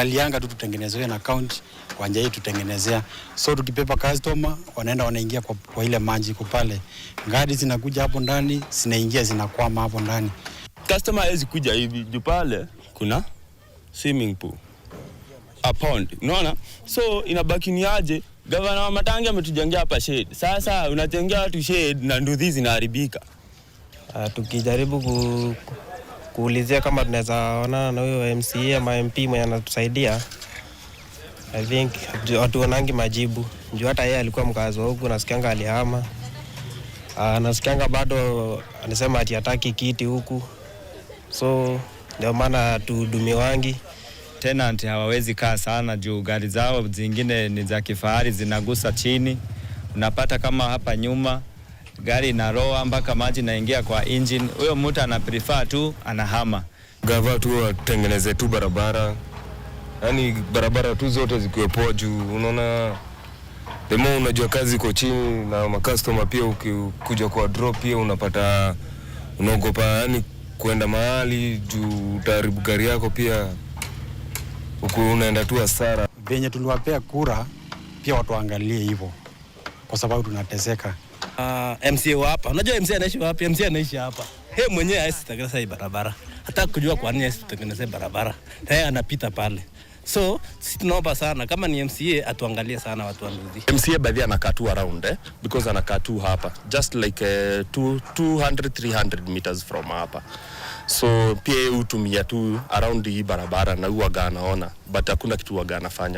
Alianga tu tutengenezewe na account kwa njia hii tutengenezea, so tukipepa customer wanaenda wanaingia kwa, kwa ile maji iko pale, Gari zinakuja hapo ndani zinaingia zinakwama hapo ndani. Customer hawezi kuja hivi juu pale kuna swimming pool a pond, unaona, so inabaki ni aje? Gavana wa Matangi ametujengea hapa shade, sasa unajengea watu shade na nduthi zinaharibika. Uh, tukijaribu ku kuulizia kama tunaweza onana na huyo MCA ama MP mwenye anatusaidia. I think hatuonangi majibu juu hata yeye alikuwa mkazi wa huku, nasikianga alihama, ah, nasikianga bado anasema ati hataki kiti huku, so ndio maana tuhudumiwangi tenant hawawezi kaa sana juu gari zao zingine ni za kifahari zinagusa chini. Unapata kama hapa nyuma gari inaroa mpaka maji naingia kwa engine. Huyo mtu ana prefer tu anahama. Gava tu atengeneze tu barabara, yani barabara tu zote zikiwe poa juu unaona demo, unajua kazi iko chini na makastoma pia, ukikuja kwa drop pia unapata unaogopa yani kwenda mahali juu utaharibu gari yako pia unaenda tu hasara. Venye tuliwapea kura pia watuangalie hivyo kwa sababu tunateseka. Uh, ah, MCA hapa, unajua MCA anaishi wapi? MCA anaishi hapa, He mwenyewe tengeneza hii barabara, hata kujua kwa nini hii barabara, naye anapita pale So si tunaomba sana kama ni MCA atuangalie sana watu wa Mbezi. MCA baadhi anakaa tu around eh, because anakaa tu hapa just like uh, 200 300 meters from hapa, so pia hutumia tu around hii barabara na huwaga anaona, but hakuna kitu waga anafanya.